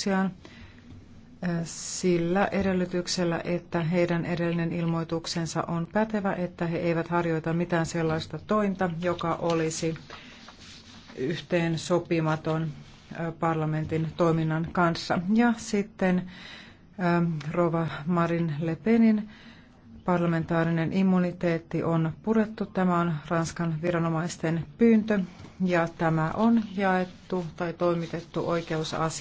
ilmoituksiaan sillä edellytyksellä, että heidän edellinen ilmoituksensa on pätevä, että he eivät harjoita mitään sellaista tointa, joka olisi yhteen sopimaton parlamentin toiminnan kanssa. Ja sitten Rova Marin Le Penin parlamentaarinen immuniteetti on purettu. Tämä on Ranskan viranomaisten pyyntö ja tämä on jaettu tai toimitettu oikeusasiaan.